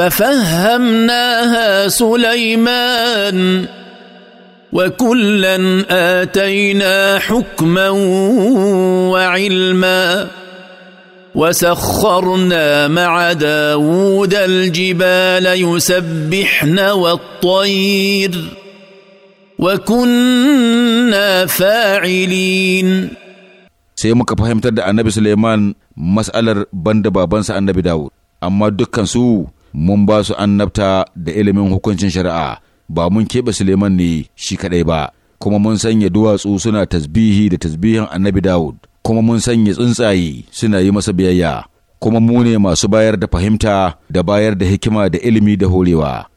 ففهمناها سليمان وكلا اتينا حكما وعلما وسخرنا مع داوود الجبال يسبحن والطير وكنا فاعلين سيما كفهمت النبي سليمان مساله بند بابنس النبي داود اما دكان سو mun ba su annabta da ilimin hukuncin shari'a ba mun keɓe Suleiman ne shi kaɗai ba kuma mun sanya duwatsu suna tasbihi da tasbihin annabi Dawud kuma mun sanya tsuntsaye suna yi masa biyayya kuma mu ne masu bayar da fahimta da bayar da hikima da ilimi da horewa